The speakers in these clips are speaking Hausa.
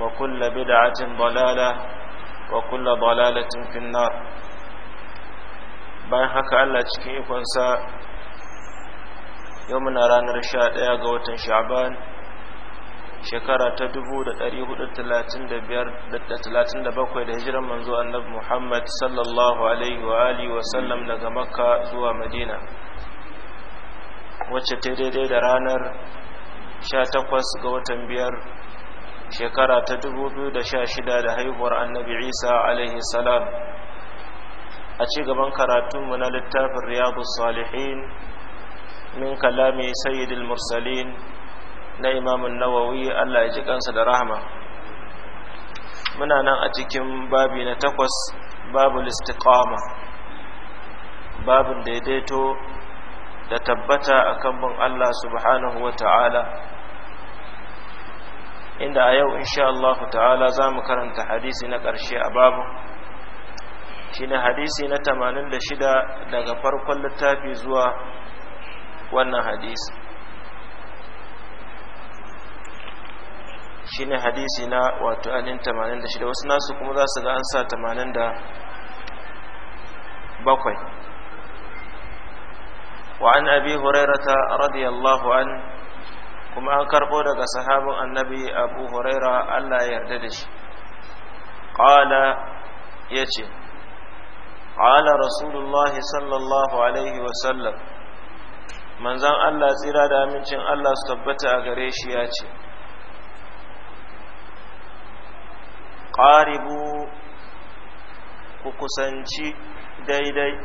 وكل بدعة ضلالة وكل ضلالة في النار bayan haka Allah cikin ikonsa yau muna ranar 11 ga watan sha'ban shekara ta 1437 da hijiran manzo annabi Muhammad sallallahu alaihi wa sallam daga makka zuwa madina wacce ta daidai da ranar sha 18 ga watan biyar shekara ta 2016 da haihuwar annabi isa alaihi salam a ci gaban karatunmu na littafin riyadu salihin min kalami sayyidul mursalin na imamun nawawi allah ya ji kansa da rahama muna nan a cikin babi na takwas babu istiqama babin daidaito da tabbata akan bin allah subhanahu wa ta'ala inda a yau insha Allah ta'ala za mu karanta hadisi na ƙarshe a babu shi ne hadisi na 86 daga farkon littafi zuwa wannan hadisi shi ne hadisi na wato anin 86 wasu nasu kuma za su ga an sa 87 وعن أبي هريرة رضي الله عنه kuma an karɓo daga sahabin annabi abu huraira allah ya yarda da shi ƙala ya ce ƙala rasulullahi sallallahu alaihi wasallam manzan allah tsira da amincin allah su tabbata a gare shi ya ce ƙaribu ku kusanci daidai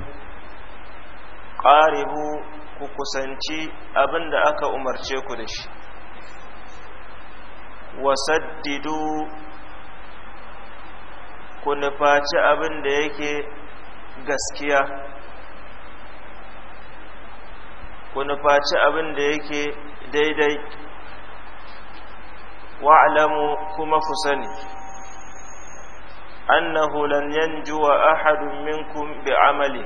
ƙaribu ku kusanci abin da aka umarce ku da shi wasaddidu ku nufaci abin da yake gaskiya ku nufaci abin da yake daidai wa'alamu kuma ku sani annahu lan yanjuwa ahadun minkum bi amali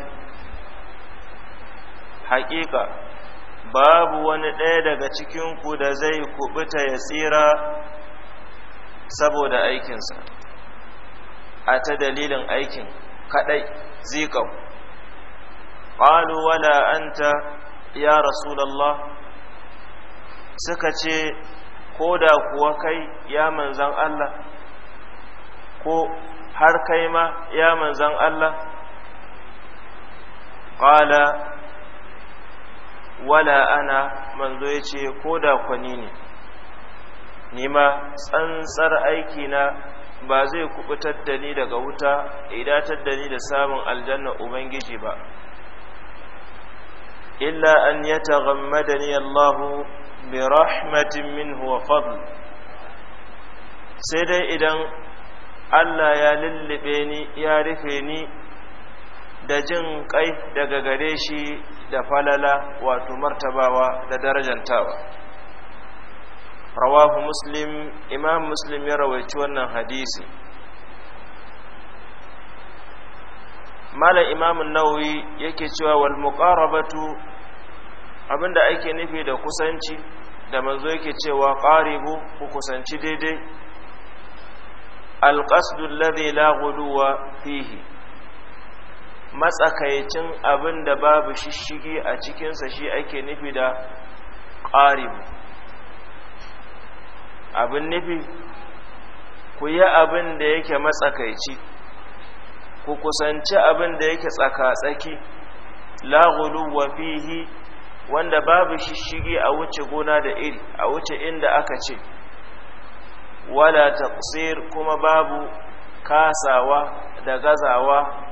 haƙiƙa babu wani ɗaya daga cikinku da zai kubuta ya tsira saboda aikinsa a ta dalilin aikin kaɗai zikau qalu wala anta ya rasulullah suka ce ko da kuwa kai ya manzan Allah ko har kai ma ya manzan Allah qala wala ana manzo yace ko da kwani ne nima tsantsar aikina ba zai kubutar da ni daga wuta idatar da ni da samun aljanna ubangiji ba illa an ya Allah bi rahmatin minhu wa fadl sai dai idan Allah ya lullube ni ya rufe ni da jin kai daga gare shi da falala wato martabawa da darajantawa rawahu muslim imam muslim ya rawaici wannan hadisi mala imamun nawawi yake cewa wal muqarabatu abinda ake nufi da kusanci da manzo yake cewa qaribu ku kusanci daidai alqasdu alladhi la ghuluwa fihi matsakaicin abinda babu shishigi a cikinsa shi ake nufi da qaribu abin nufi ku yi abin da yake matsakaici ku kusanci abin da yake tsaka-tsaki lagulu wa fihi wanda babu shishigi a wuce gona da iri a wuce inda aka ce wala ta kuma babu kasawa da gazawa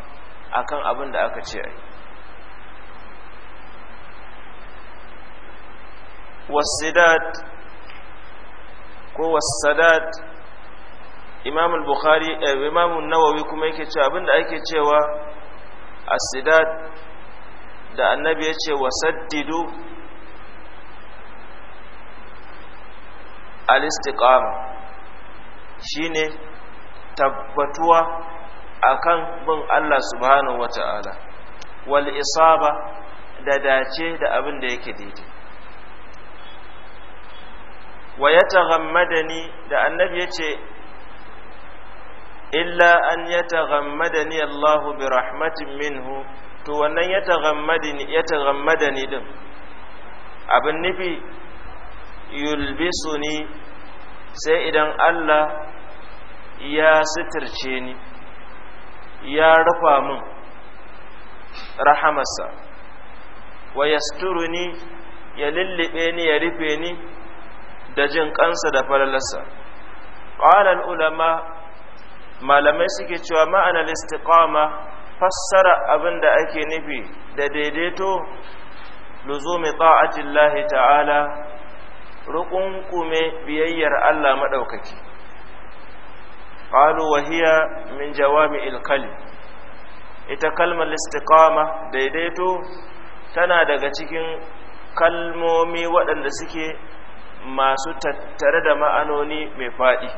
akan abin da aka ce ai ko wasadat imam al-bukhari eh, imam an-nawawi kuma yake cewa abinda ake cewa as-sidat da annabi ya ce wasaddidu al-istiqama shine tabbatuwa akan bin Allah subhanahu wata'ala wal isaba da dace da abin da yake daidai wa ya taghammadani da annabi ya ce illa an ya taghammadani Allahu bi rahmatin minhu to wannan ya taghammadani ya taghammadani din abin nufi ni sai idan Allah ya sitirce ni ya rufa min rahamarsa wa yasturuni ya lullube ni ya rufe ni da jin kansa da falalarsa qala ulama malamai suke cewa ma'anar istiqama fassara abin da ake nufi da daidaito luzumi lahi ta'ala rukunkume biyayyar Allah madaukaki qalu wa hiya min jawami'il qalb ita kalmar istiqama daidaito tana daga cikin kalmomi waɗanda suke masu tattare da ma'anoni mai faɗi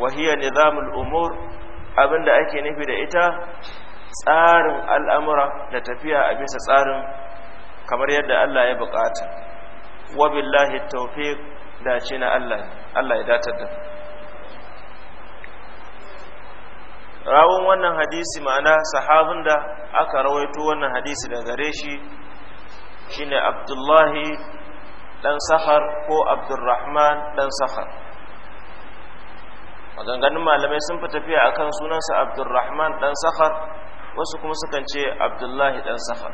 wahiyar nizamul umur abinda ake nufi da ita tsarin al'amura da tafiya a bisa tsarin kamar yadda Allah ya bukata wabillahi taufiq dace na Allah Allah ya datar da rawun wannan hadisi ma'ana sahabin da aka rawaito wannan hadisi da gare shi shine Abdullahi ɗan sahar ko abdurrahman ɗan sahar maganganun malamai sun fi tafiya akan sunansa abdurrahman ɗan sahar wasu kuma sukan ce abdullahi ɗan sahar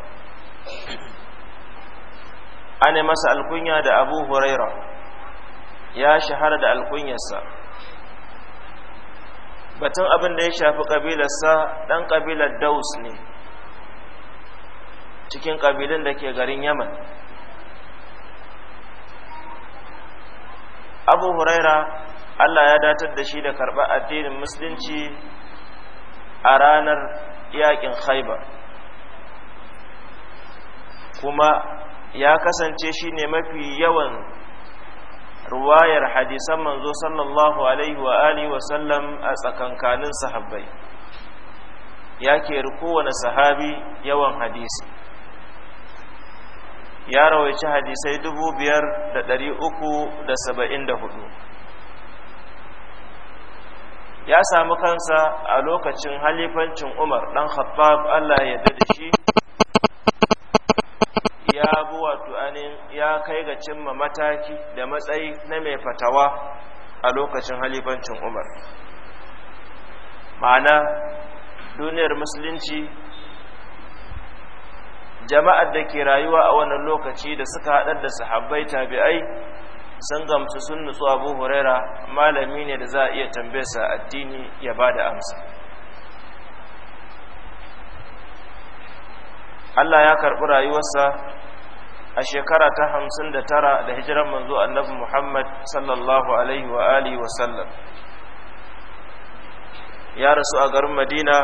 ana masa alkunya da abu huraira ya shahara da alkunyarsa batun abin da ya shafi ƙabilarsa ɗan ƙabilar daus ne cikin ƙabilun da ke garin yaman abu huraira allah ya datar da shi da karɓar addinin musulunci a ranar yaƙin khaibar kuma ya kasance shi ne mafi yawan ruwayar hadisan manzo sallallahu alaihi wa wa sallam a tsakankanin sahabbai ya keri kowane sahabi yawan hadisi ya rawaici hadisai dubu biyar da ɗari uku da saba'in da hudu ya samu kansa a lokacin halifancin umar ɗan khattab allah ya da shi ya bu wato ya kai ga cimma mataki da matsayi na mai fatawa a lokacin halifancin umar ma'ana duniyar musulunci jama'ar da ke rayuwa a wannan lokaci da suka haɗar da sahabbai tabi'ai sun gamsu sun nutsu abu huraira malami ne da za a iya tambesa addini ya ba da amsa Allah ya karɓi rayuwarsa a shekara ta hamsin da tara da hijiran manzo annabi Muhammad sallallahu alaihi wa alihi wa ya rasu a garin Madina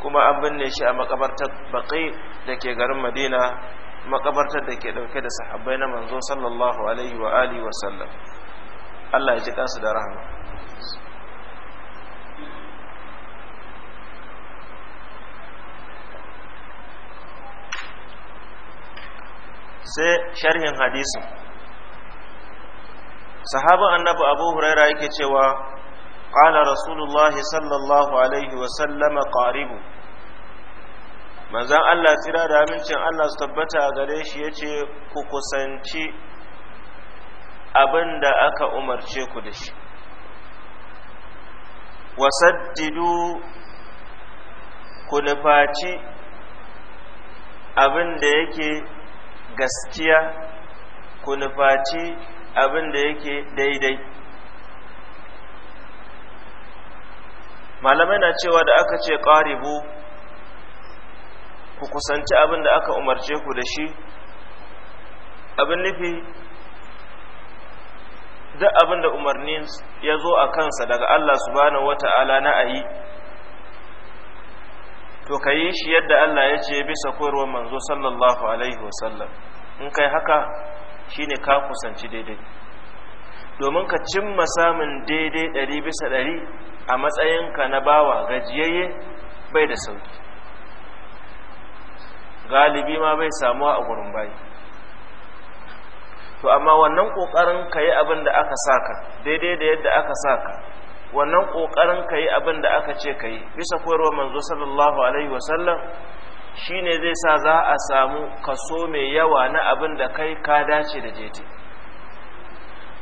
kuma an binne shi a makabartar baƙi da ke garin madina makabartar da ke ɗauke da sahabbai na manzo sallallahu alaihi wa alihi wa sallam allah ya ji kansu da rahama sai sharhin hadisin sahaba annabi abu huraira yake cewa قال رسول الله صلى الله عليه وسلم قارب manzan Allah tira da amincin Allah su tabbata a gare shi ya ce ku kusanci abin da aka umarce ku da shi wasaddidu ku nufaci abin da yake gaskiya ku nufaci abin da yake daidai malamai na cewa da aka ce ƙaribu ku kusanci abin da aka umarce ku da shi abin nufi duk abin da umarni ya zo a kansa daga Allah subhanahu wata'ala na ayi to ka yi shi yadda Allah ya ce bisa koyarwar manzo sallallahu alaihi wasallam in kai haka shine ka kusanci daidai domin ka cimma samun daidai ɗari bisa ɗari a matsayinka na bawa gajiyayye bai da sauki galibi ma bai samuwa a gurin bayi to amma wannan ƙoƙarin ka yi abin da aka saka daidai da yadda aka sa ka, wannan ƙoƙarin ka yi abin da aka ce ka yi bisa koyarwa manzo sallallahu alaihi wasallam shine zai sa za a samu kaso mai yawa na abin da kai ka dace da jeti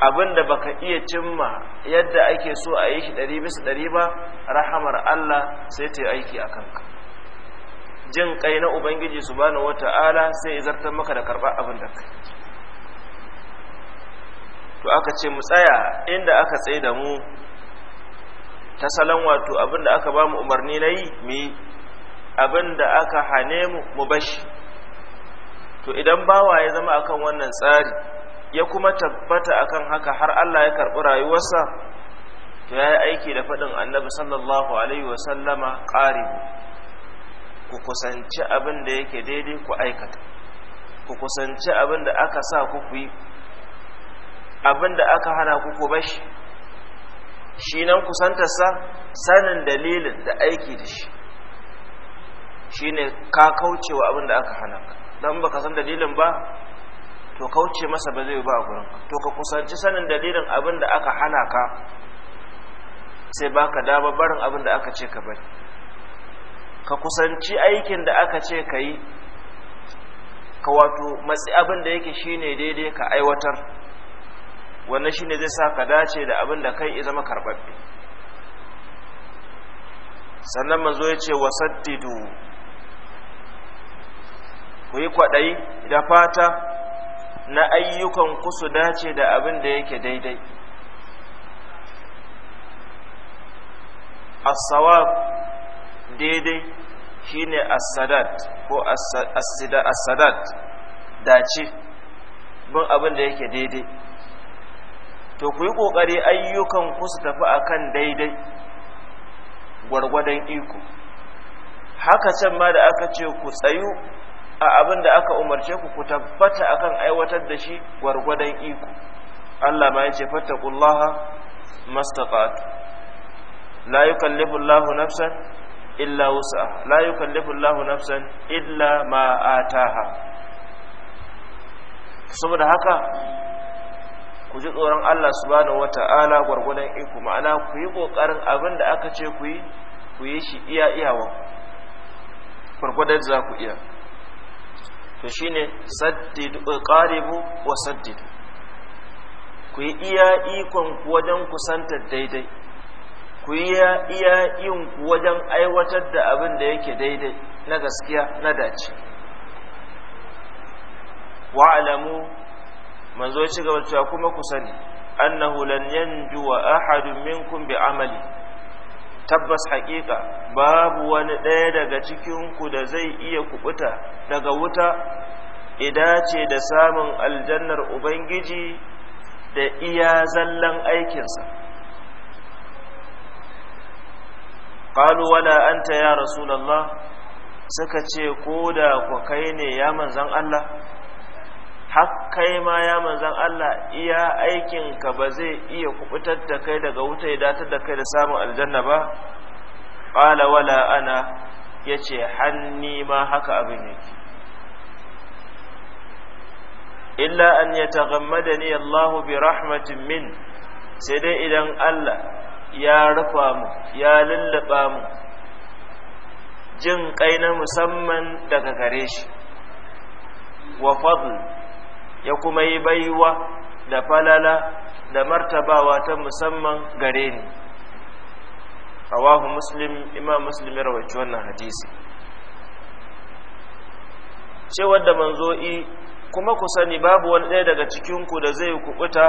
Abinda baka iya cimma yadda ake so a yi shi ɗari bisa ɗari ba rahamar Allah sai ta yi aiki a kanka jin kai na ubangiji su bani wata'ala sai ya zartar maka da karɓar abin da kai to aka ce mu tsaya inda aka tsaye da mu ta salon wato abin da aka ba mu umarni na yi mu yi abin da aka hane mu mu bashi to idan bawa ya zama akan wannan tsari ya kuma tabbata akan haka har Allah ya karɓi rayuwarsa to ya yi aiki da faɗin annabi sallallahu alaihi wasallama ƙaribu ku kusanci abin da yake daidai ku aikata ku kusanci abin da aka sa ku ku yi abin da aka hana ku ku bashi shi nan kusantarsa sanin dalilin da aiki da shi shi ne ka kaucewa abin da aka hana ka don baka san dalilin ba to kauce masa ba zai ba a gurin to ka kusanci sanin dalilin abin da aka hana ka sai baka dama barin abin da aka ce ka bari ka kusanci aikin da aka ce ka yi ka wato matsi abin da yake shine daidai ka aiwatar wannan shine zai sa ka dace da abin da kai zama karɓaɓɓe sannan manzo ya ce wasaddidu ku yi kwaɗayi da fata na ayyukan ku dace da abin da yake daidai as-sawab daidai shine as-sadat ko as-sadat dace bin abin da yake daidai to ku yi kokari ayyukan ku tafi akan daidai gwargwadon iko haka can ma da aka ce ku tsayu a abin da aka umarce ku ku tabbata akan aiwatar da shi gwargwadon iko Allah ma ya ce fattaqullaha mastaqat la yukallifu Allahu nafsan illa wusa la yukallifu Allahu nafsan illa ma ataha saboda haka ku ji tsoron Allah subhanahu wata'ala gwargwadon iko ma'ana ku yi kokarin abin da aka ce ku yi ku yi shi iya iyawa gwargwadon za ku iya to shine ne eh, qaribu wa saddidu ku yi iya ikon wajen kusantar daidai ku yi iya yin ku wajen aiwatar da abin da yake daidai na gaskiya na dace alamu manzo ya kuma ku sani annahu lan wa ahadun minkum bi amali tabbas haƙiƙa babu wani ɗaya daga cikinku da zai iya kuɓuta daga wuta ida ce da samun aljannar ubangiji da iya zallan aikinsa ƙalu wala anta ya rasulallah suka ce ko da ku kai ne ya manzan Allah har kai ma ya manzan Allah iya aikinka ba zai iya kubutar da kai daga wuta ya datar da kai da samun aljanna ba ƙala wala ana ya ce hanni ma haka abin yake illa an ya taghammada ni Allahu bi rahmatin min sai dai idan Allah ya rufa mu ya lullaba mu jin kai na musamman daga gare shi wa fadl ya kuma yi baiwa da falala da martabawa ta musamman gare ni rawahu muslim imam muslim ya rawaci wannan hadisi cewar da manzo'i kuma ku sani babu wani ɗaya daga cikinku da zai kubuta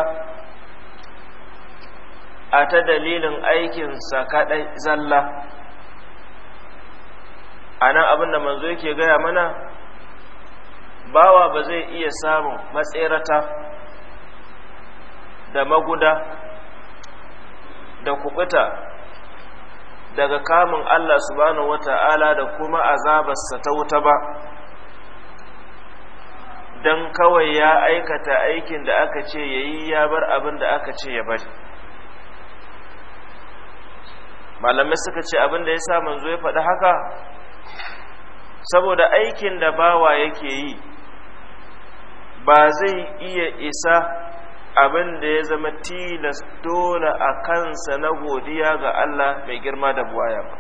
a ta dalilin aikinsa kaɗai zalla a nan abin da manzo yake gaya mana bawa ba zai iya samun matserata da maguda da kubuta daga kamun Allah subhanahu wata'ala da kuma azabarsa ta wuta ba don kawai ya aikata aikin da aka ce ya yi ya bar abin da aka ce ya bari malamai suka ce abin da ya sa manzo ya faɗi haka saboda aikin da bawa yake yi ba zai iya isa abin da ya zama tilas dole a kansa na godiya ga Allah mai girma da buwaya ba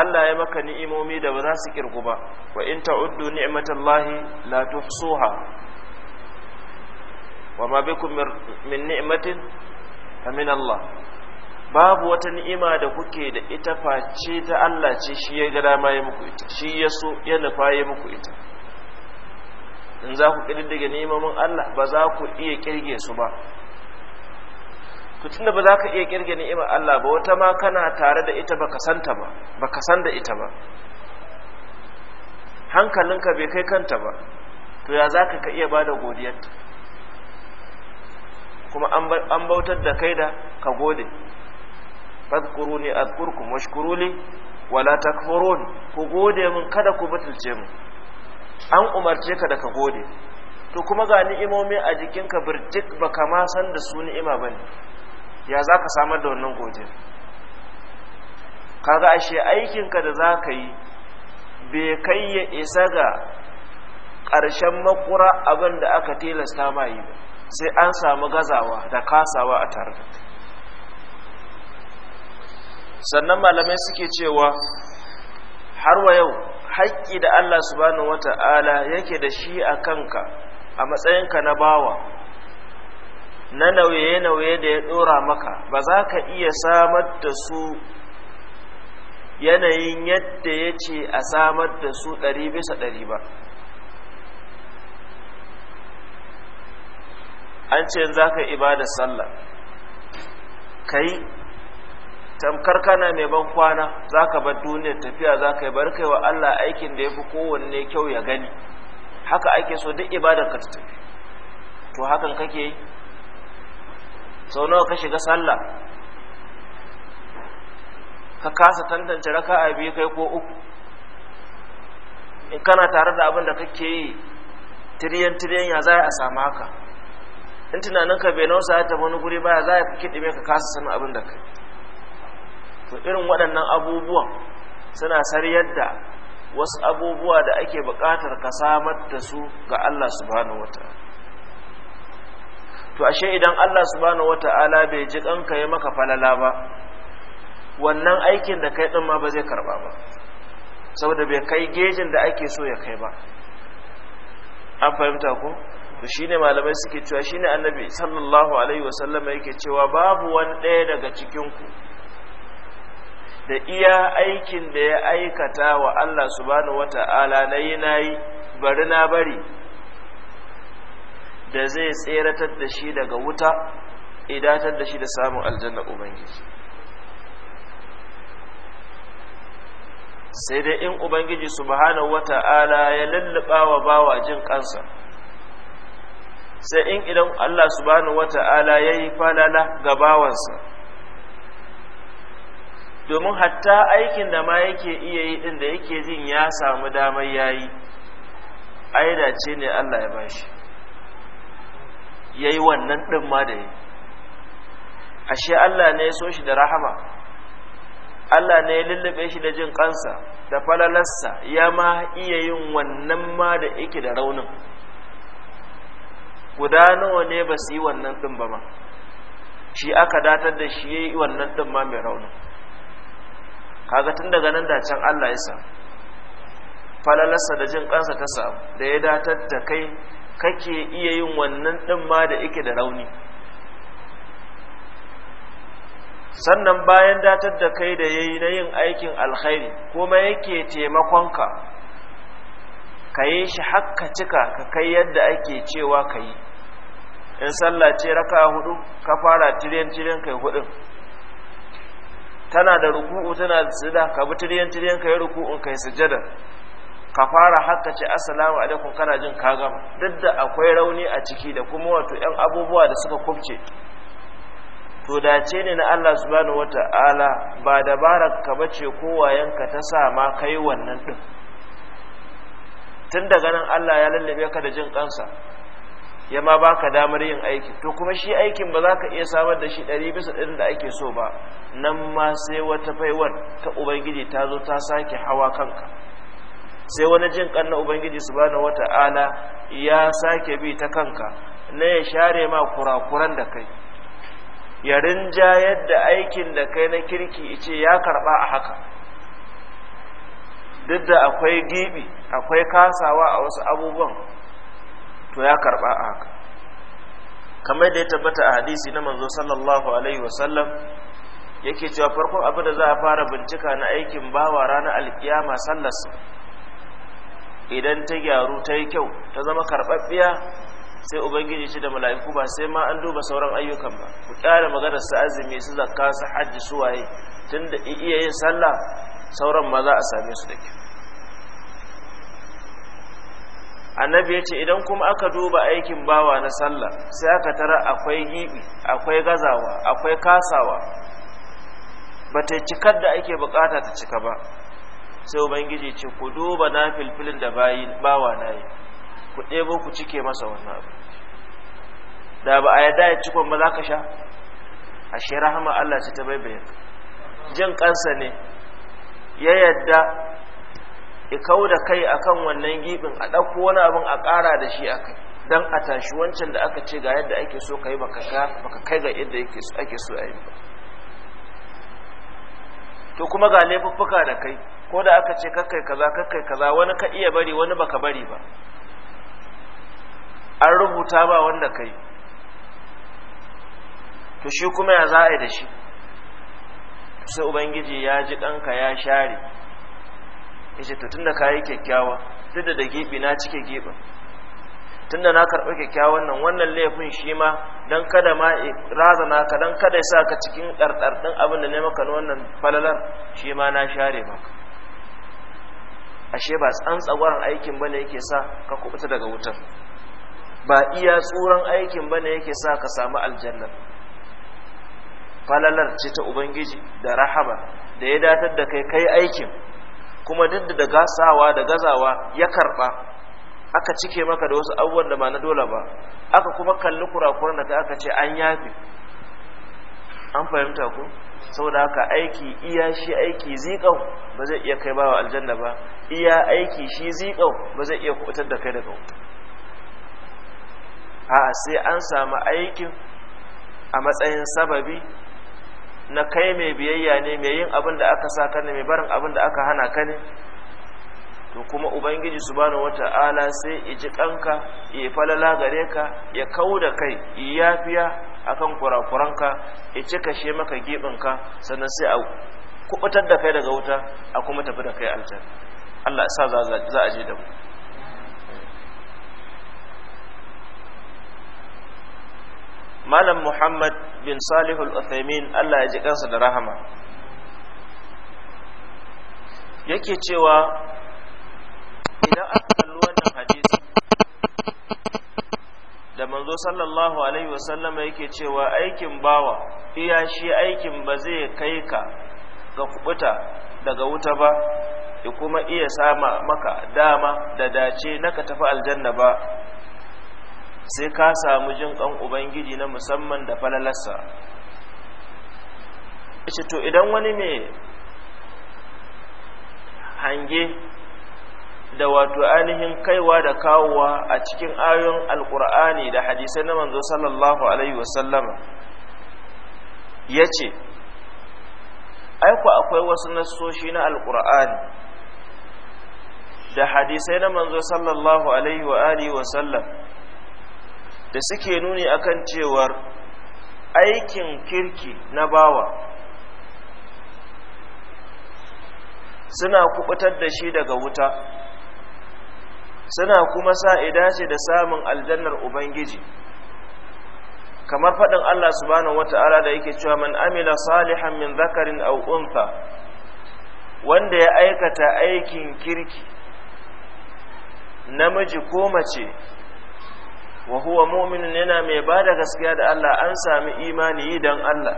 Allah ya maka ni'imomi da ba za su kirgu ba wa in ta'uddu ni'matallahi la tuhsuha wa ma bikum min ni'matin fa min Allah babu wata ni'ima da kuke da ita face ta Allah ce shi ya ga dama ya muku ita shi ya so ya nufa ya muku ita in za ku ƙididdige nemomin Allah ba za ku iya ƙirge su ba to da ba za ka iya ƙirge ni'imar Allah ba wata ma kana tare da ita santa ba ka san da ita ba hankalinka bai kai kanta ba to ya za ka iya ba da godiyarta kuma an bautar da kai da ka gode fadkuru ne azkurkum mashkuru ne wala takfurun ku gode mun kada ku butulce mu an umarce ka da gode to kuma ga ni'imomi a jikinka birjik ba kama san da su ni'ima ba ne ya za ka samar da wannan godiyar kaga ashe aikinka da za ka yi bai kai ya isa ga ƙarshen makura abin da aka tilasta ma yi ba sai an samu gazawa da kasawa a tare sannan malamai suke cewa har wa yau haƙƙi da Allah subhanahu wata'ala yake da shi a kanka a matsayinka na bawa na nauye-nauye da ya ɗora maka ba za ka iya samar da su yanayin yadda ya ce a samar da su ɗari bisa ɗari ba an ce za ka ibadar sallah ka yi tamkar kana mai ban kwana za ka bar duniyar tafiya za ka yi bar wa Allah aikin da ya fi kowanne kyau ya gani haka ake so duk ibadar ka ta tafi to hakan kake yi sau nawa ka shiga sallah ka kasa tantance raka'a biyu kai ko uku in kana tare da abin da kake yi tiriyan tiriyan ya za a samu haka in tunaninka bai nausa ta wani guri baya za a fi kiɗime ka kasa sanin abin da kai to irin waɗannan abubuwan suna sariyar da wasu abubuwa da ake buƙatar ka samar da su ga Allah subhanahu wataala to ashe idan Allah subhanahu wataala bai ji kanka ya maka falala ba wannan aikin da kai din ma ba zai karba ba saboda bai kai gejin da ake so ya kai ba an fahimta ko to shine malamai suke cewa shine annabi sallallahu alaihi wasallama yake cewa babu wani ɗaya daga cikin ku da iya aikin da ya aikata wa Allah subhanahu wata'ala na yi na yi bari na bari da zai tseratar da shi daga wuta idatar da shi da samun aljanna ubangiji sai dai in ubangiji subhanahu wata'ala ya lullaba wa bawa jin kansa sai in idan Allah subhanahu wata'ala ya yi falala ga bawansa domin hatta aikin da ma yake iya yi din da yake jin ya samu damar yayi aida ce ne Allah ya bashi yayi wannan din ma da yi ashe Allah ne ya so shi da rahama Allah ne ya lullube shi da jin kansa da falalarsa ya ma iya yin wannan ma da yake da raunin guda nawa ne ba su yi wannan din ba ma shi aka datar da shi ya yi wannan din ma mai raunin kaga tun daga nan da can Allah ya samu falalarsa da jin kansa ta samu da ya datar da kai kake iya yin wannan ɗin ma da yake da rauni sannan bayan datar da kai da yayi na yin aikin alkhairi kuma yake taimakon ka yi shi hakka cika ka kai yadda ake cewa ka yi in sallah ce raka hudu ka fara tiren tiren kai hudun tana da ruku'u tana da sujada ka bi tiryan tiryan ka yi ruku'un ka sujada ka fara haka ce assalamu alaikum kana jin ka gama duk da akwai rauni a ciki da kuma wato yan abubuwa da suka kubce to dace ne na Allah subhanahu wata'ala ba dabarar ka bace kowayenka ta sa ma kai wannan din tun daga nan Allah ya lallabe ka da jin kansa ya ma ka damar yin aiki to kuma shi aikin ba za ka iya samar da shi ɗari bisa ɗin da ake so ba nan ma sai wata faiwar ta ubangiji ta zo ta sake hawa kanka sai wani jin kan na ubangiji wata ala ya sake bi ta kanka na ya share ma kurakuran da kai ya rinja yadda aikin da kai na kirki ice ya karba a haka duk da akwai gibi akwai kasawa a wasu abubuwan to ya karba a haka kamar da ya tabbata a hadisi na manzo sallallahu alaihi wasallam yake cewa farkon abin da za a fara bincika na aikin bawa ranar alkiyama sallas idan ta gyaru ta yi kyau ta zama karɓaɓɓiya sai ubangiji shi da mala'iku ba sai ma an duba sauran ayyukan ba ku ƙara maganar su azumi su zakka su hajji su waye tunda iya yin sallah sauran ma za a same su da kyau annabi ya ce idan kuma aka duba aikin bawa na sallah sai aka tara akwai gibi akwai gazawa akwai kasawa ba ta cikar da ake bukata ta cika ba sai ubangiji ce ku duba na filfilin da bawa na yi ku ɗebo ku cike masa wannan abu da ba a yadda ya cikon ba za ka sha ashe rahama Allah ce ta baibaye jin kansa ne ya yadda ikau da kai akan wannan gibin a ɗauko wani abin a ƙara da shi a kai don a tashi wancan da aka ce ga yadda ake so ka yi baka kai ga yadda ake so a yi ba to kuma ga laifuffuka da kai ko da aka ce kakkai kaza kakkai kaza wani ka iya bari wani baka bari ba an rubuta ba wanda kai to shi kuma ya za a yi da shi sai ubangiji ya ji ɗanka ya share yace to tunda kayi kyakkyawa tunda da gibi na cike gibin tunda na karɓi kyakkyawan nan wannan laifin shi ma don kada ma razana ka don kada sa ka cikin ɗarɗarɗin abin da ne maka wannan falalar shi ma na share maka ashe ba tsantsagwaron aikin bane yake sa ka kubuta daga wutar ba iya tsoron aikin bane yake sa ka samu aljannar falalar ce ta ubangiji da rahama da ya datar da kai kai aikin kuma duk da gasawa da gazawa ya karba aka cike maka da wasu abubuwan da ba na dole ba aka kuma kalli kurakuran da aka ce an yafi an fahimta ko saboda haka aiki iya shi aiki zikau ba zai iya kai bawa aljanna ba iya aiki shi zikau ba zai iya kubutar da kai daga wuta a sai an samu aikin a matsayin sababi na kai mai biyayya ne mai yin abin da aka sa ka ne mai barin abin da aka hana ka ne to kuma ubangiji subhanahu wata'ala sai iji kanka ya falala gare ka ya kauda kai yafiya akan kurakuranka ya cika she maka ka sannan sai a kubutar da kai daga wuta a kuma tafi da kai aljanna Allah ya sa za a je da mu malam muhammad bin salihul uthaymin allah ya ji kansa da rahama yake cewa idan aka kalli wannan hadisi da manzo sallallahu alaihi wasallama yake cewa aikin bawa iya shi aikin ba zai kai ka ga kubuta daga wuta ba ya kuma iya sama maka dama da dace na ka tafi aljanna ba sai ka samu jin ƙan ubangiji na musamman da falalarsa ce to idan wani mai hange da wato ainihin kaiwa da kawowa a cikin ayon alkur'ani da hadisai na manzo sallallahu alaihi wasallama ya ce aiku akwai wasu nasoshi na alkur'ani da hadisai na manzo sallallahu alaihi wa alihi da suke nuni akan cewar aikin kirki na bawa suna kubutar da shi daga wuta suna kuma sa idace da samun aljannar ubangiji kamar faɗin Allah subhanahu wata'ala da yake cewa man amila salihan min zakarin aw untha wanda ya aikata aikin kirki namiji ko mace wa huwa mu'minun yana mai bada gaskiya da Allah an sami imani yi dan Allah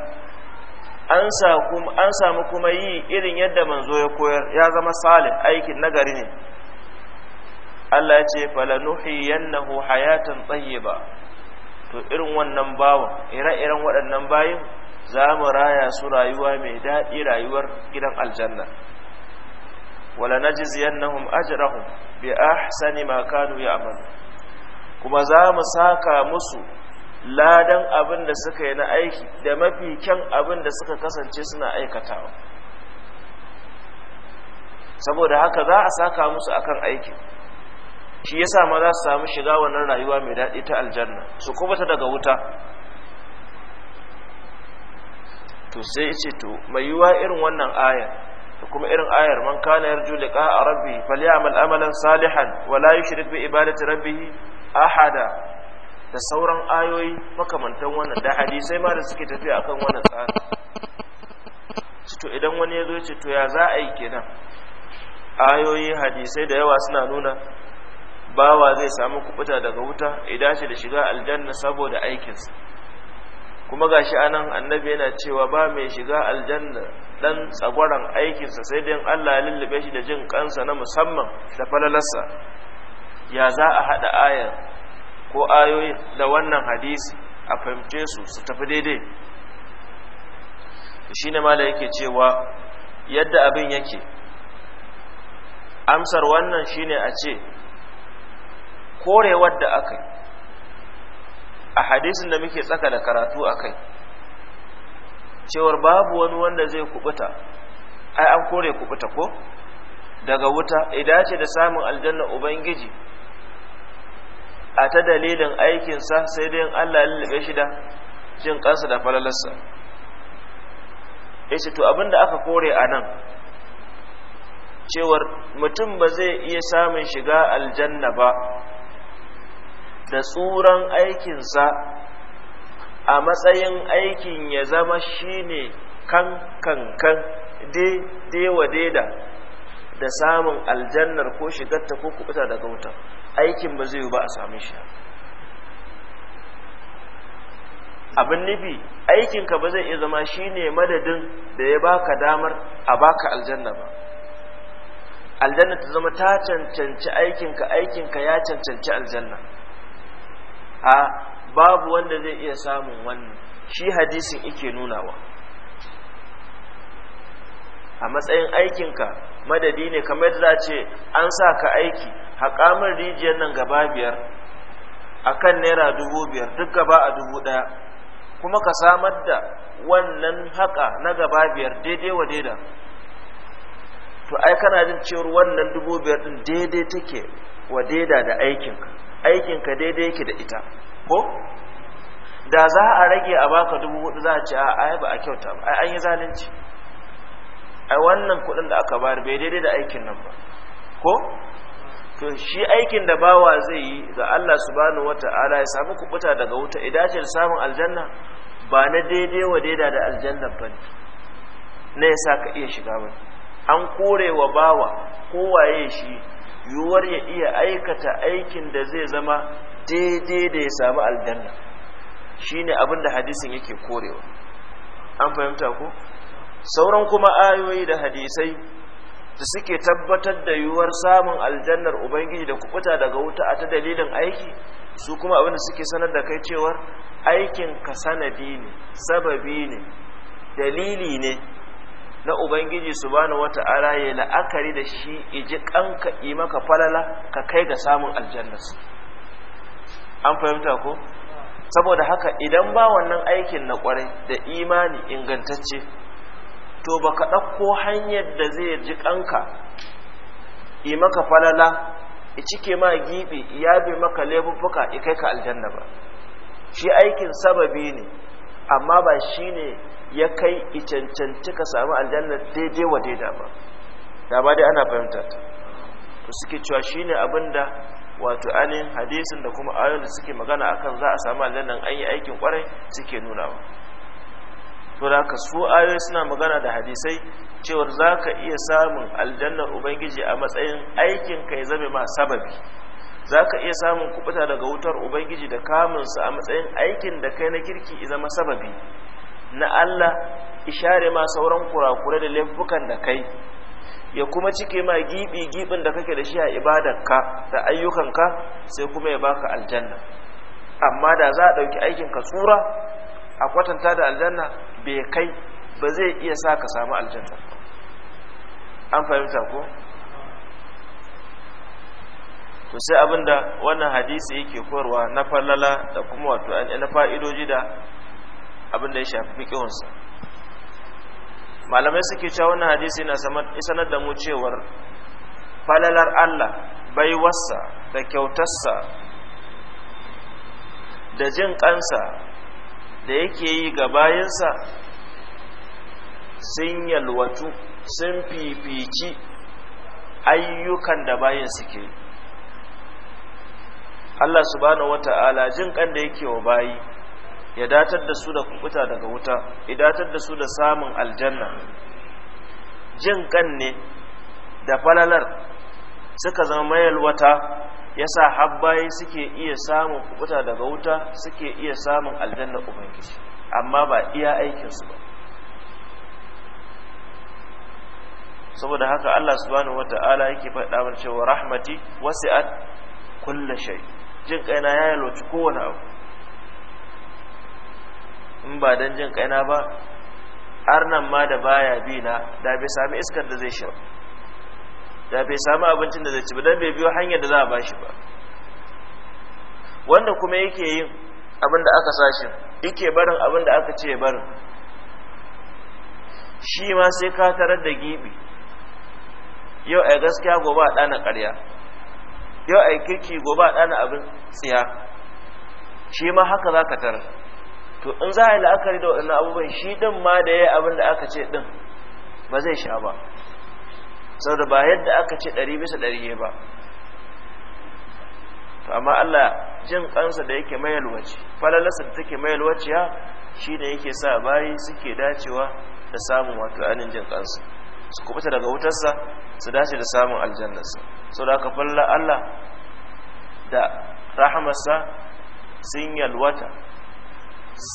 an samu kuma yi irin yadda manzo ya koyar ya zama salih aikin nagari ne Allah ce falanuhiyannahu hayatan tayyiba to irin wannan bawan ire-iren waɗannan bayin za mu raya su rayuwa mai daɗi rayuwar gidan aljanna wala najziyannahum ajrahum bi ahsani ma kanu ya'malu kuma za mu saka musu ladan abin da suka yi na aiki da mafi kyan abin da suka kasance suna aikatawa saboda haka za a saka musu akan aiki. shi ya ma za su samu shiga wannan rayuwa mai daɗi ta aljanna su kuma ta daga wuta to sai ce to mai yiwa irin wannan ayar da kuma irin ayar man kana yarju liqa rabbi falyamal amalan salihan wala la yushrik bi ibadati rabbihi ahada da sauran ayoyi makamantan wannan da hadisai ma da suke tafiya akan wannan tsari to idan wani ya zo ce to ya za a yi kenan ayoyi hadisai da yawa suna nuna bawa zai samu kubuta daga wuta idan shi da shiga aljanna saboda aikinsa kuma gashi anan annabi yana cewa ba mai shiga aljanna dan tsagwaran aikinsa sai dai Allah ya lullube shi da jin kansa na musamman da falalarsa ya za a haɗa ayar ko ayoyi da wannan hadisi a fahimce su su tafi daidai shi ne mala yake cewa yadda abin yake amsar wannan shine a ce korewar da aka yi a hadisin da muke tsaka da karatu a kai cewar babu wani wanda zai kubuta ai an kore kubuta ko daga wuta idace da samun aljanna ubangiji a ta dalilin aikinsa sai dai in Allah lullube shi da jin kansa da falalarsa yace to abinda aka kore a nan cewar mutum ba zai iya samun shiga aljanna ba da tsuran aikinsa a matsayin aikin ya zama shine kan kan kan de, wa de, da samun aljannar ko shigar ta ko kubuta daga wuta aikin ba zai yi ba a sami shi abin nufi aikinka ba zai iya zama shi ne madadin da ya baka damar a baka aljanna ba aljanna ta zama ta cancanci aikinka aikinka ya cancanci aljanna a babu wanda zai iya samun wannan shi hadisin ike nunawa a matsayin aikinka madadi ne kamar da za ce an sa ka aiki haƙamin rijiyar nan gaba biyar a kan naira dubu biyar duk gaba a dubu ɗaya kuma ka samar da wannan haƙa na gaba biyar daidai wa daida to ai kana jin cewar wannan dubu biyar ɗin daidai take wa daida da aikinka aikinka daidai yake da ita ko da za a rage a baka dubu hudu za a ce a ba a kyauta ba ai an yi zalunci ai wannan kuɗin da aka bayar bai daidai da aikin nan ba ko to shi aikin da bawa zai yi ga Allah subhanahu wata'ala ya samu kubuta daga wuta da samun aljanna ba na daidai wa daida da aljanna ba na ya sa ka iya shiga ba an kore wa bawa kowaye shi yiwuwar ya iya aikata aikin da zai zama daidai da ya samu aljanna shine abin da hadisin yake korewa an fahimta ko sauran kuma ayoyi da hadisai da suke tabbatar da yiwuwar samun aljannar ubangiji da kubuta daga wuta a ta dalilin aiki su kuma abin da suke sanar da kai cewar aikin ka sanadi ne sababi ne dalili ne na ubangiji su bani wata ara ya la'akari da shi iji kanka yi maka falala ka kai ga samun aljannar an fahimta ko saboda haka idan ba wannan aikin na kwarai da imani ingantacce to ba ka ɗauko hanyar da zai ji ƙanka yi maka falala i cike ma giɓi, ya bi maka laifuffuka i kai ka aljanna ba shi aikin sababi ne amma ba shi ne ya kai i cancanci ka samu aljanna daidai wa daida ba da ba dai ana fahimta ta to suke cewa shi ne abin da wato ainihin hadisin da kuma ayoyin da suke magana akan za a samu aljanna an yi aikin kwarai suke nuna ba. to da ka su ayoyi suna magana da hadisai cewar za ka iya samun aljannar ubangiji a matsayin aikin ka ya zame ma sababi za ka iya samun kubuta daga wutar ubangiji da kamunsa a matsayin aikin da kai na kirki zama sababi na Allah ishare ma sauran kurakurai da laifukan da kai ya kuma cike ma gibi gibin da kake da shi a ibadarka da ayyukanka sai kuma ya baka aljanna amma da za a ɗauki aikin ka tsura a kwatanta da aljanna bai kai ba zai iya sa ka samu aljanna an fahimta ko to sai abinda wannan hadisi yake koyarwa na fallala da kuma wato na fa'idoji da abinda ya shafi fiƙihunsa malamai suke cewa wannan hadisi yana sanar da mu cewar falalar Allah baiwarsa da kyautarsa da jin kansa da yake yi ga bayansa sun yalwatu sun fifici ayyukan da bayan suke Allah subhanahu wata'ala jin kan da yake wa bayi ya datar da su da kukuta daga wuta ya datar da su da samun aljanna jin kan ne da falalar suka zama mayalwata yasa habbaye suke iya samun kubuta daga wuta suke iya samun aljanna ubangiji amma ba iya aikinsu ba saboda haka Allah subhanahu wata'ala yake faɗa mana cewa rahmati wasi'at kulli shay jin kaina ya yalwaci kowane abu in ba dan jin kaina ba arnan ma da baya bi na da bai sami iskar da zai shiga. da bai samu abincin da zai ci ba dan bai biyo hanyar da za a ba shi ba wanda kuma yake yin abin da aka sashi yake barin abin da aka ce barin shi ma sai ka tarar da gibi yau a gaskiya gobe a ɗana ƙarya yau a kirki gobe a ɗana abin tsiya shi ma haka za ka tarar to in za a yi la'akari da waɗannan abubuwan shi ɗin ma da ya yi abin da aka ce ɗin ba zai sha ba saboda ba yadda aka ce ɗari bisa ɗari ba to amma Allah jin kansa da yake mai alwaci falalarsa da take mai ya shi ne yake sa bayi suke dacewa da samun wato anin jin kansa su kubuta daga wutarsa su dace da samun aljannarsa Sau da aka falla Allah da rahamarsa sun yalwata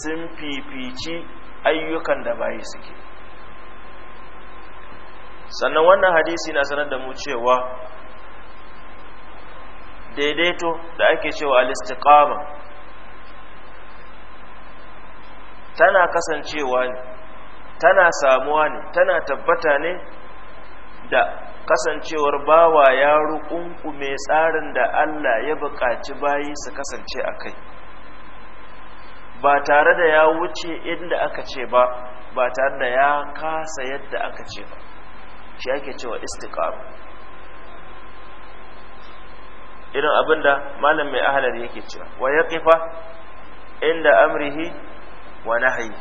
sun fifici ayyukan da bayi suke sannan wannan hadisi na sanar da mu cewa daidaito da ake cewa al-istiqama tana kasancewa ne tana samuwa ne tana tabbata ne da kasancewar bawa ya mai tsarin da Allah ya buƙaci bayi su kasance a kai ba tare da ya wuce inda aka ce ba ba tare da ya kasa yadda aka ce ba shi ake cewa istiqam irin abinda malam mai ahalar yake cewa wa yaqifa inda amrihi wa nahyi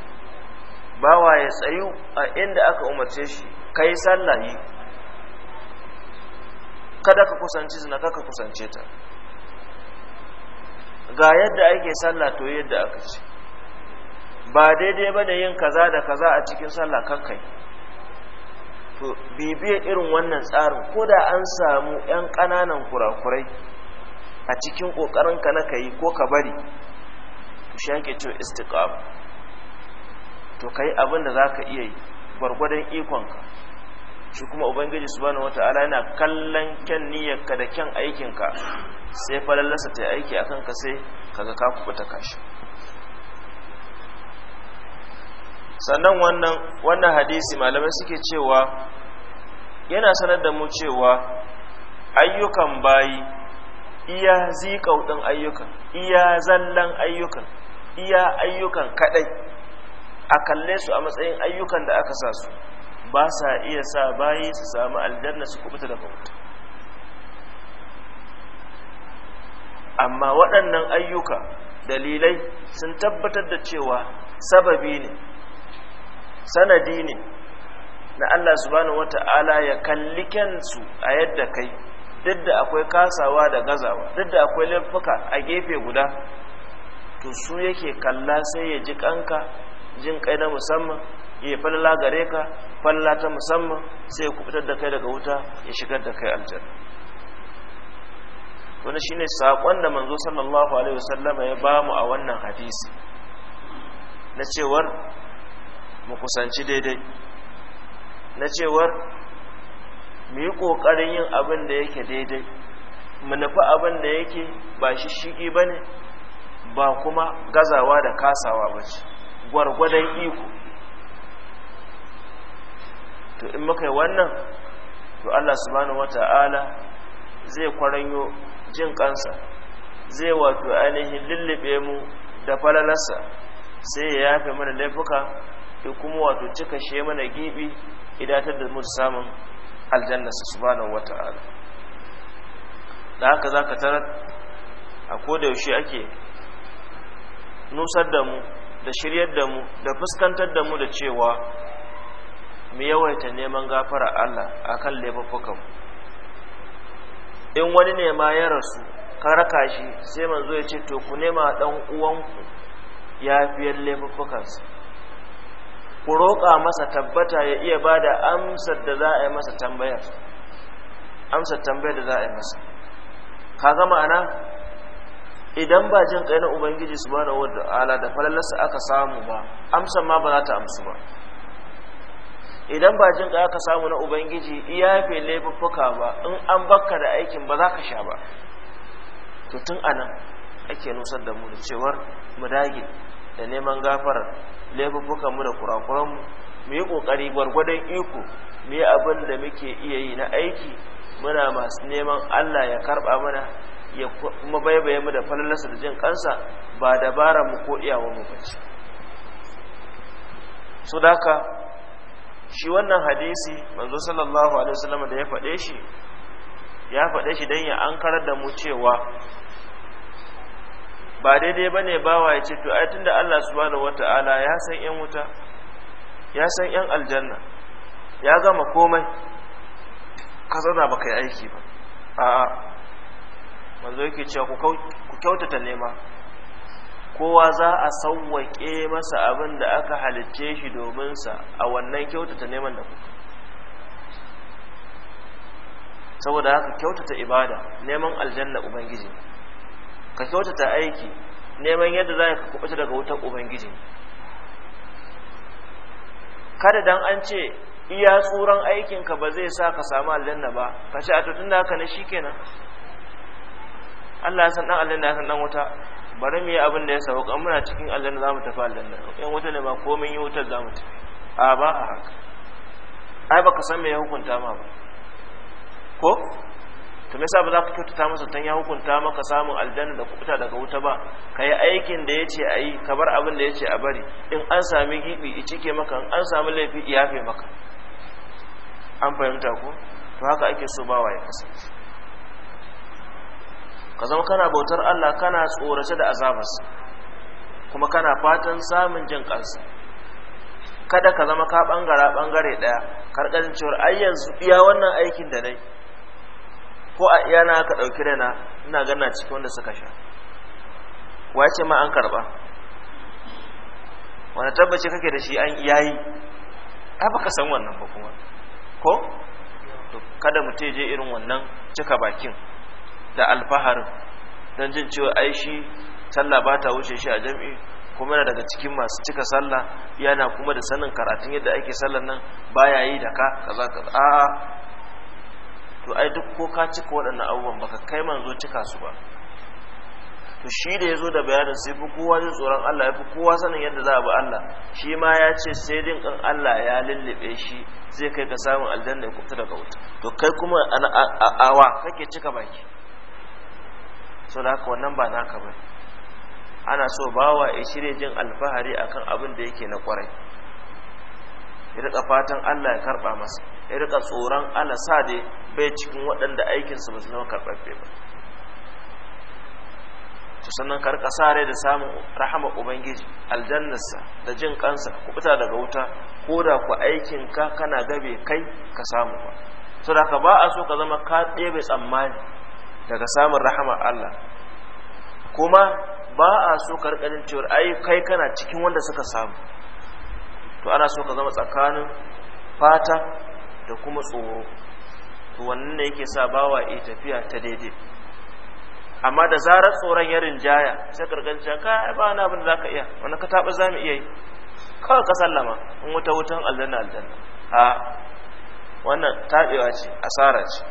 bawa ya tsayu a inda aka umarce shi kai sallah yi kada ka kusanci zina ka kusance ta ga yadda ake sallah to yadda aka ce ba daidai ba da yin kaza da kaza a cikin sallah kankai to bibiya irin wannan tsarin ko da an samu 'yan ƙananan kurakurai a cikin ka na ka yi ko ka bari to shi yake cewa istiqama to ka yi abin da za ka iya yi gwargwadon ikonka shi kuma ubangiji subhanahu wata'ala yana kallon kyan niyyarka da kyan aikinka sai falallarsa ta yi aiki akan ka sai kaga ka kubuta kashi sannan wannan wannan hadisi malamai suke cewa yana sanar da mu cewa ayyukan bayi iya zikaudin ayyukan iya zallan ayyukan iya ayyukan kadai a kalle su a matsayin ayyukan da aka sa su ba sa iya sa bayi su samu aljanna su kubuta da bauta amma waɗannan ayyuka dalilai sun tabbatar da cewa sababi ne sanadi ne na Allah subhanahu wata'ala ya kalli kyansu a yadda kai duk da akwai kasawa da gazawa duk da akwai laifuka a gefe guda to su yake kalla sai ya ji kanka jin kai na musamman ya falla gare ka falla ta musamman sai ya kubutar da kai daga wuta ya shigar da kai aljanna wani shine saƙon da manzo sallallahu alaihi wasallama ya bamu a wannan hadisi na cewar mu kusanci daidai na cewar mu yi ƙoƙarin yin abin da yake daidai mu nufi abin da yake ba shi shigi ba ne ba kuma gazawa da kasawa ba ce gwargwadon iko to in muka yi wannan to Allah subhanahu ta'ala zai kwaranyo jin kansa zai wato ainihin lullube mu da falalarsa sai ya yafe mana laifuka kuma wato cika she mana gibi idatar da mu samun aljannasa subhanahu wata'ala da haka za ka tarar a kodayaushe ake nusar da mu da shiryar da mu da fuskantar da mu da cewa mu yawaita neman gafara Allah akan laifuffukan in wani ne ma ya rasu karaka shi sai manzo ya ce to ku nema dan uwanku ya yafiyar laifuffukansa ku roƙa masa tabbata ya iya ba da amsar da za a yi masa tambayar amsar tambayar da za a yi masa ka gama ana idan ba jin ƙai na ubangiji su bane wadda ala da falalarsa aka samu ba amsar ma ba za ta amsu ba idan ba jin ƙai aka samu na ubangiji iya fi laifuffuka ba in an bakka da aikin ba za ka sha ba to tun anan ake nusar da mu da cewar mu dage da neman gafarar laifuffukan mu da kurakuran mu mu yi kokari gwargwadon iko mu yi abin da muke iya yi na aiki muna masu neman Allah ya karba mana ya kuma baibaye mu da falalarsa da jin kansa ba dabara mu ko iyawa mu bace so daka shi wannan hadisi manzo sallallahu alaihi wasallam da ya faɗe shi ya faɗe shi dan ya ankarar da mu cewa ba daidai ba ne bawa ya ce to ai tunda Allah subhanahu wata'ala ya san yan wuta ya san yan aljanna ya gama komai ka zana ba kai aiki ba a'a manzo yake cewa ku kyautata nema kowa za a sauwaƙe masa abin da aka halicce shi domin sa a wannan kyautata neman da kuka saboda haka kyautata ibada neman aljanna ubangiji ne ka kyautata aiki neman yadda za ka kubuta daga wutar ubangiji kada dan an ce iya tsoron aikinka ba zai sa ka samu aljanna ba ka ce a tutun da haka na shi kenan Allah ya san dan aljanna ya san dan wuta bari mu yi abin da ya sauka muna cikin aljanna za mu tafi aljanna yan wuta ne ba komai yi wutar za mu tafi a ba a haka ai baka san me ya hukunta ma ba ko to me yasa ba za ka kyautata masa tan ya hukunta maka samun aljanna da kuɓuta daga wuta ba ka yi aikin da ya ce a yi ka bar abin da ya ce a bari in an sami giɓi i cike maka in an sami laifi i yafe maka an fahimta ko to haka ake so ba ya kasance ka zama kana bautar Allah kana tsorace da azabarsa kuma kana fatan samun jin kansa kada ka zama ka bangara bangare daya karkashin cewar ai yanzu iya wannan aikin da nayi ko a iyana aka ɗauki raina ina gana cikin wanda suka sha wa ma an karɓa wani tabbaci kake da shi an iyayi ai baka san wannan ba kuma ko to kada mu je irin wannan cika bakin da alfaharin don jin cewa ai shi sallah ba ta wuce shi a jam'i kuma yana daga cikin masu cika sallah yana kuma da sanin karatun yadda ake sallar nan baya yi da ka kaza kaza a'a to ai duk ko ka cika waɗannan abubuwan baka kai manzo cika su ba to shi da ya da bayanin sai fi kowa jin tsoron Allah ya fi kowa sanin yadda za a bi Allah shi ma ya ce sai din kan Allah ya lullube shi zai kai ka samun aljanna ya kubuta daga wuta to kai kuma a awa kake cika baki so da haka wannan ba naka ba ana so bawa ya shirya jin alfahari akan abin da yake na kwarai ya rika fatan Allah ya karba masa ya rika tsoron ana sa dai bai cikin waɗanda aikinsu ba su zama karɓaɓɓe ba to sannan karka sa rai da samun rahama ubangiji aljannarsa da jin kansa fita daga wuta ko da ku aikin ka kana gabe kai ka samu ba su da ka ba a so ka zama ka ɗebe tsammani daga samun rahama Allah kuma ba a so ka jin cewar ai kai kana cikin wanda suka samu to ana so ka zama tsakanin fata da kuma tsoro to wannan ne yake sa bawa e tafiya ta daidai amma da zarar tsoron ya rinjaya sai karkancin ka ai ba wani abin da zaka iya wani ka taɓa za iya yi kawai ka sallama in wuta wutan aljanna aljanna a wannan taɓewa ce asara ce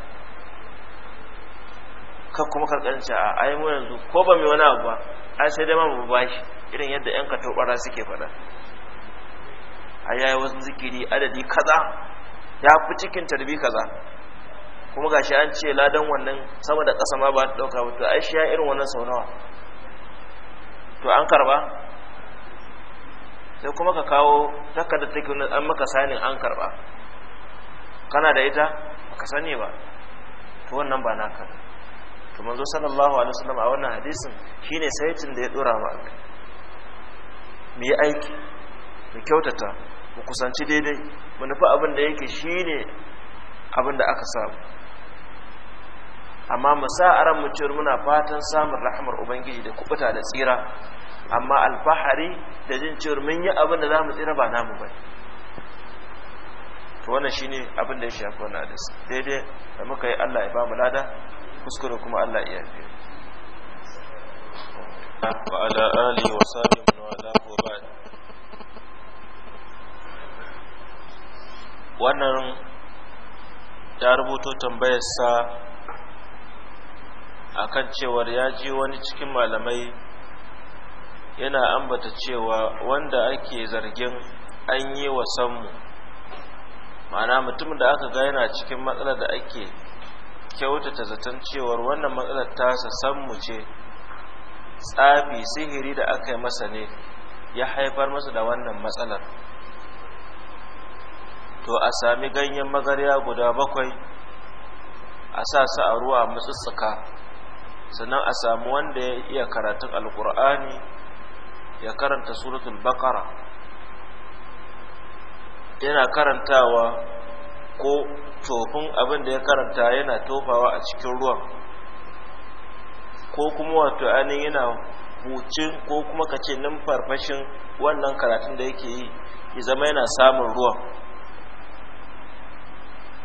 ka kuma karkancin a ai mu yanzu ko ba mai wani abu ba ai sai dai ma mu bashi irin yadda yan katobara suke faɗa a yayi wasu zikiri adadi kaza ya fi cikin tarbi kaza kuma gashi an ce ladan wannan sama da ƙasa ma ba ta ɗauka ba to ai shi ya irin wannan sau nawa to an karba sai kuma ka kawo takardar take an maka sanin an karba kana da ita baka sani ba to wannan ba naka to manzo sallallahu alaihi wasallam a wannan hadisin shine saitin da ya dora mu mu yi aiki mu kyautata mu kusanci daidai mu nufi abin da yake ne abin da aka samu amma mu sa a ran mu cewar muna fatan samun rahamar ubangiji da kubuta da tsira amma alfahari da jin cewar mun yi abin da za mu tsira ba namu ba to wannan shine abin da ya shafi wannan hadisi daidai da muka yi Allah ya ba mu lada kuskure kuma Allah ya yafe wa ala ali wa sahbihi wa ala wa ba'd wannan ya rubuto tambayarsa kan cewar ya ji wani cikin malamai yana ambata cewa wanda ake zargin an yi wa sanmu ma'ana mutumin da aka ga yana cikin matsalar da ake kyautata zaton cewar wannan matsalar tasa sanmu ce tsafi sihiri da aka yi masa ne ya haifar masa da wannan matsalar to a sami ganyen magarya guda bakwai a sa su a ruwa mutsutsuka sannan a sami wanda ya iya karatun alkur'ani ya karanta suratul baqara yana karantawa ko tofin abin da ya karanta yana tofawa a cikin ruwan ko kuma wato ainihin yana hucin ko kuma ka ce numfarfashin wannan karatun da yake yi ya zama yana samun ruwan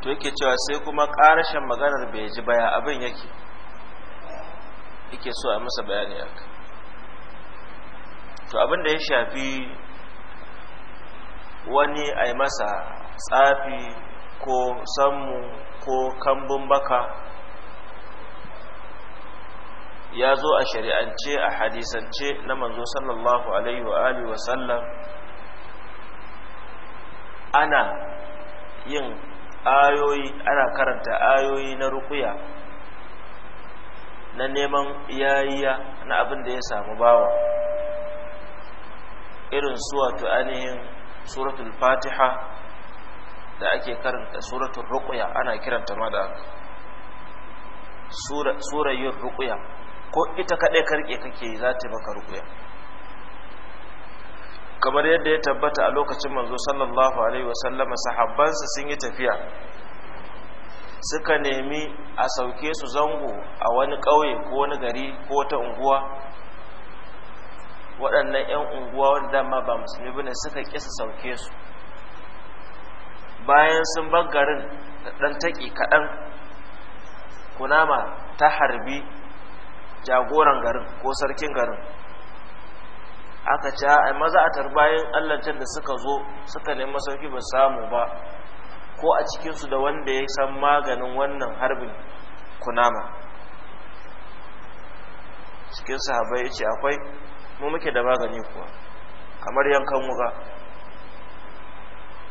to yake cewa sai kuma shan maganar bai ji baya abin yake yake so a masa bayani aka to abin da ya shafi wani a masa tsafi ko sammu ko kambun baka ya zo a shari'ance a hadisance na manzo sallallahu alaihi wa alihi wasallam ana yin ayoyi ana karanta ayoyi na rukuya na neman yayiya na abin da ya samu bawa irin su wato ainihin suratul fatiha da ake karanta suratul rukuya ana kiranta ma da surayyar rukuya ko ita kaɗai karke kake za ta maka rukuya kamar yadda ya tabbata a lokacin manzo sallallahu alaihi wasallama sahabbansa sun yi tafiya suka nemi a sauke su zango a wani ƙauye ko wani gari ko wata unguwa waɗannan 'yan unguwa wanda dama ba musulmi bane suka kisa sauke su bayan sun bar garin da ɗan taƙi kaɗan kunama ta harbi jagoran garin ko sarkin garin aka ci a maza a tarbayin allancin da suka zo suka nemi masauki ba samu ba ko a cikinsu da wanda ya san maganin wannan harbin kunama cikin sahabai ya ce akwai mu muke da magani kuwa kamar yankan wuka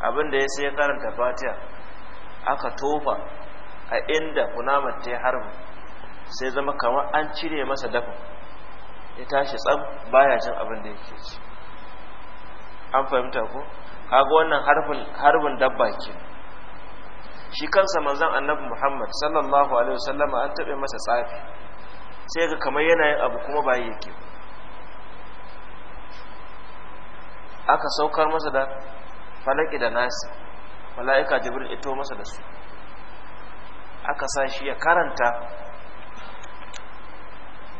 abinda ya sai karanta Fatiya, aka tofa a inda kunamar ta yi harbin sai zama kamar an cire masa dafa. ya tashi tsam baya jin abin da yake ci an fahimta ko kaga wannan harbin dabba ke shi kansa manzon annabi Muhammad sallallahu alaihi wasallama an tabe masa tsafi sai ga kamar yana yin abu kuma ba yake aka saukar masa da falaki da nasi mala'ika jibril ito masa da su aka sa shi ya karanta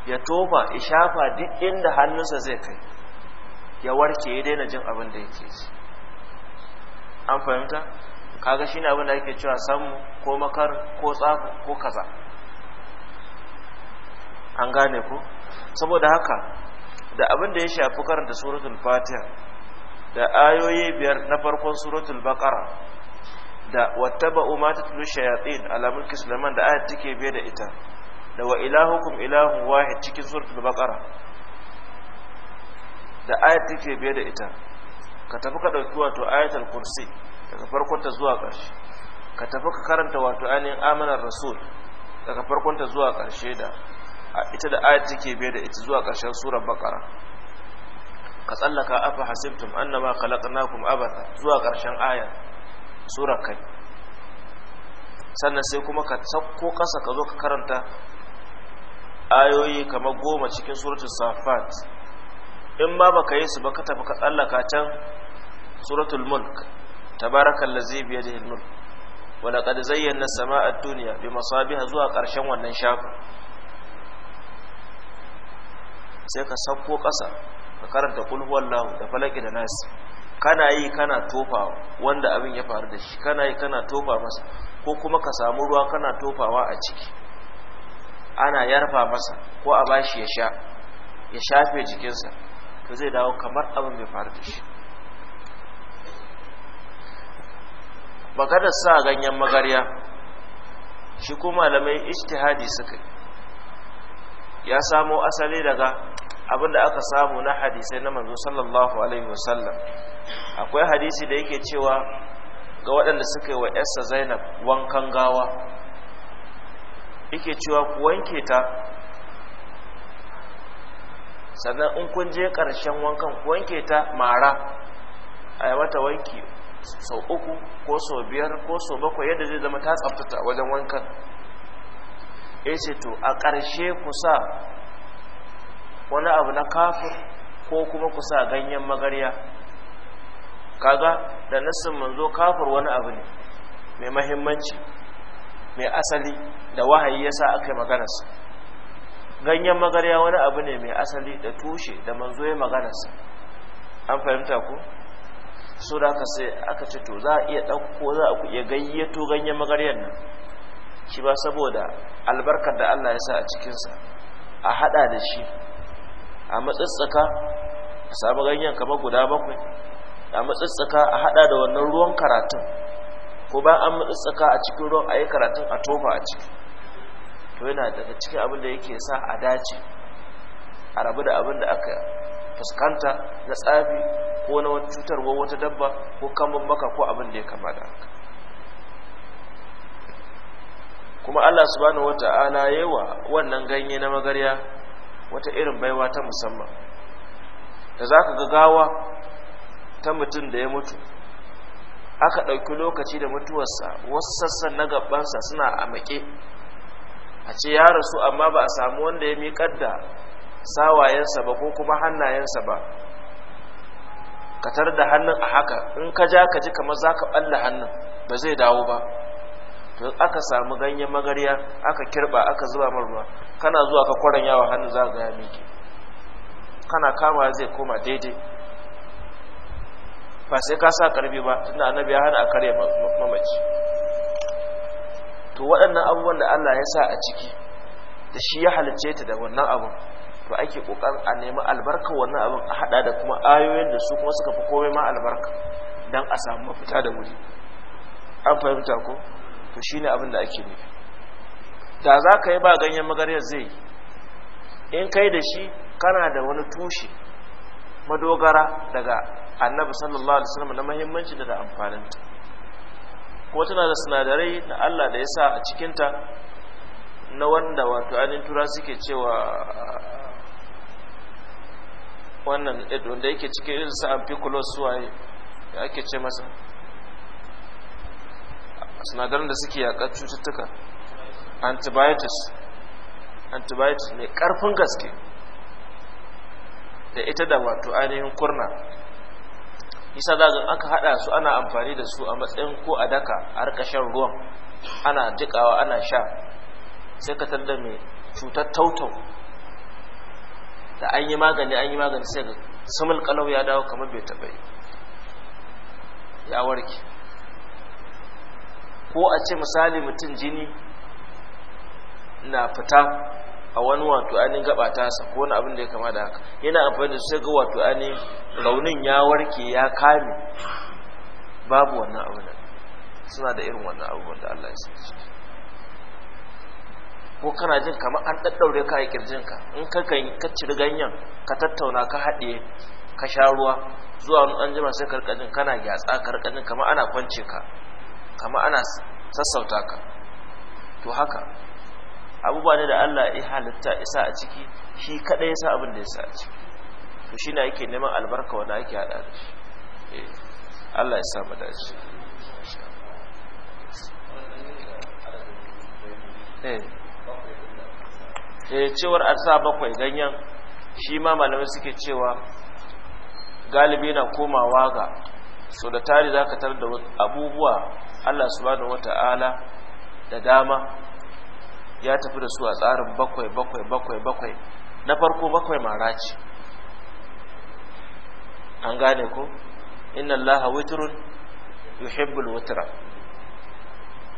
ya tofa ya shafa duk inda hannunsa zai kai ya warke ya daina jin abin da yake ji an fahimta kaga shine abin da ake cewa samu ko makar ko tsafa ko kaza an gane ku saboda haka da abin da ya shafi karanta suratul fatiha da ayoyi biyar na farkon suratul baqara da wattaba ta tatlu shayatin ala alamun sulaiman da ayat take biye da ita da wa ilahukum ilahun wahid cikin suratul baqara da ayat take biye da ita ka tafi ka dauki wato ayatul kursi daga farkon ta zuwa ƙarshe ka tafi ka karanta wato ainihin amanar rasul daga farkon ta zuwa ƙarshe da ita da ayat take biye da ita zuwa ƙarshen surar baqara ka tsallaka afa hasibtum annama khalaqnakum abatha zuwa ƙarshen aya surar kai sannan sai kuma ka sauko ƙasa ka zo ka karanta ayoyi kamar goma cikin suratul safat in ma ka yi su ba ka tafi ka tsallaka can suratul mulk tabarakan ladzi bi yadihi mulk wa zayyan na sama a duniya bi masabiha zuwa karshen wannan shafin sai ka sauko ƙasa ka karanta kulhuwan lahu da falaki da nasi kana yi kana tofa wanda abin ya faru da shi kana yi kana tofa masa ko kuma ka samu ruwa kana tofawa a ciki ana yarfa masa ko a bashi ya sha ya shafe jikinsa to zai dawo kamar abin bai faru da shi da sa ganyen magarya shi ko malamai ijtihadi suka ya samo asali daga abin da aka samu na hadisai na manzo sallallahu alaihi wasallam akwai hadisi da yake cewa ga waɗanda suka yi wa yassa zainab wankan gawa yake cewa ku wanke ta sannan in kun je ƙarshen wankan ku wanke ta mara a yi mata wanki sau uku ko sau biyar ko sau bakwai yadda zai zama ta tsaftata wajen wankan ya to a ƙarshe ku wani abu na kafin ko kuma kusa ganyen magarya kaga da nassin manzo kafur wani abu ne mai mahimmanci mai asali da wahayi sa aka yi maganarsa ganyen magarya wani abu ne mai asali da tushe da manzo ya maganarsa an fahimta ku so da aka sai aka ce to za a iya ɗauko za a iya gayyato ganyen magaryar nan shi ba saboda albarkar da Allah ya sa a cikinsa a haɗa da shi a matsatsaka a samu ganyen kamar guda bakwai a matsatsaka a haɗa da wannan ruwan karatun ko ba an mutsaka a cikin ruwan a yi karatun a tofa a ciki to yana daga cikin abin da yake sa a dace a rabu da abin da aka fuskanta na tsafi ko na wata cutarwa wata dabba ko kamun maka ko abin da ya kama da haka kuma Allah subhanahu wata'ala yawa wannan ganye na magarya wata irin baiwa ta musamman da za ka ga gawa ta mutum da ya mutu aka ɗauki lokaci da mutuwarsa wasu sassan na gabansa suna a maƙe a ce ya rasu amma ba a samu wanda ya miƙar da sawayensa ba ko kuma hannayensa ba katar da hannun a haka in ka ja ka ji kamar za ka ɓalla hannun ba zai dawo ba to aka samu ganyen magarya aka kirɓa aka zuba ruwa kana zuwa ka kwaran yawa hannun za a gaya miƙe kana kama zai koma daidai ba sai ka sa karfi ba tunda annabi ya hana a karya mamaci to waɗannan abubuwan da Allah ya sa a ciki da shi ya halice ta da wannan abun to ake kokarin a nemi albarka wannan abun a hada da kuma ayoyin da su kuma suka fi komai ma albarka dan a samu mafita da wuri an fahimta ko to shine abin da ake nufi da za ka yi ba ganyen magariyar zai in kai da shi kana da wani tushe madogara daga annabi sallallahu alaihi wasallam na muhimmanci da da amfaninta ko tana da sinadarai da Allah da ya sa a cikinta na wanda wato ainihin tura suke cewa wannan wanda yake cikin irin sa ampiculos suwaye da ake ce masa sinadaran da suke yakar cututtuka antibiotics antibiotics mai ƙarfin gaske da ita da wato ainihin kurna isa za ga aka hada su ana amfani da su a matsayin ko a daka a rikashen ruwan ana jikawa ana sha sai ka tanda mai cutar tautau da an yi magani an yi magani sai ga sumul kalau ya dawo kamar bai taɓa yi ya warke ko a ce misali mutum jini na fita a wani wato ainihin gaba hasa ko wani abin da ya kama da haka yana amfani da sai ga wato ainihin raunin ya warke ya kame babu wannan abu nan suna da irin wannan abubuwan da Allah ya sa ko kana jin kamar an daddaure ka a kirjinka in ka kan ka cire ganyen ka tattauna ka haɗe ka sha ruwa zuwa wani an jima sai karkajin kana gyatsa jin kamar ana kwance ka kamar ana sassauta ka to haka abubuwa ne da Allah ya halitta isa a ciki shi kadai ya sa abin da ya sa a ciki to shi ne ake neman albarka wanda ake hada da shi eh, Allah ya sa mu dace eh, eh cewar a sa bakwai ganyen shi ma malamai suke cewa galibi na komawa ga so da tari za ka tar da abubuwa Allah subhanahu wata'ala da dama ya tafi da su a tsarin bakwai bakwai bakwai bakwai na farko bakwai mara ce an gane ko inna allaha witrun yuhibbul witra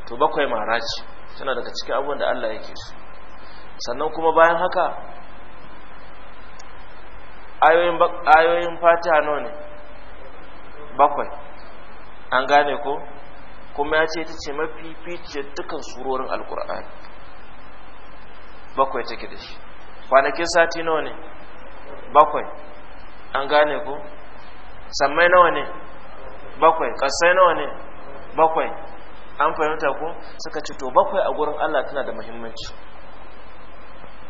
to bakwai mara ce tana daga cikin abubuwan da Allah yake so sannan kuma bayan haka ayoyin ayoyin fatiha nawa ne bakwai an gane ko kuma ya ce ta ce mafi fice dukkan surorin alkur'ani bakwai take da shi kwanakin sati nawa ne bakwai an gane ku sammai nawa ne bakwai ƙasai nawa ne bakwai an fahimta ku suka ce to bakwai a gurin Allah tana da muhimmanci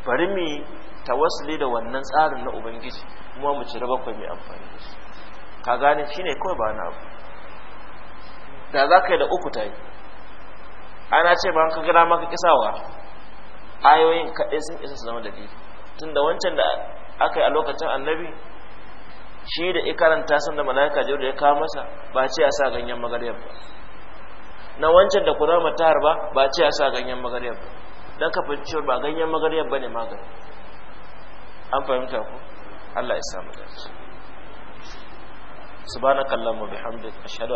bari mu tawassuli da wannan tsarin na ubangiji kuma mu cire bakwai mai amfani da shi ka gane shine kawai ba na abu da za ka yi da uku ta yi ana ce ba an ka gina maka kisawa ayoyin kaɗai sun isa su zama da tun da wancan da aka yi a lokacin annabi shi da ikaranta sun da mala'ika jiru da ya kawo masa ba ce a sa ganyen magaryar ba na wancan da kudama ta harba ba ce a sa ganyen magaryar ba don ka fahimci ba ganyen magaryar ba ne magani an fahimta ku allah ya samu dace subhanakallahumma bihamdika ashhadu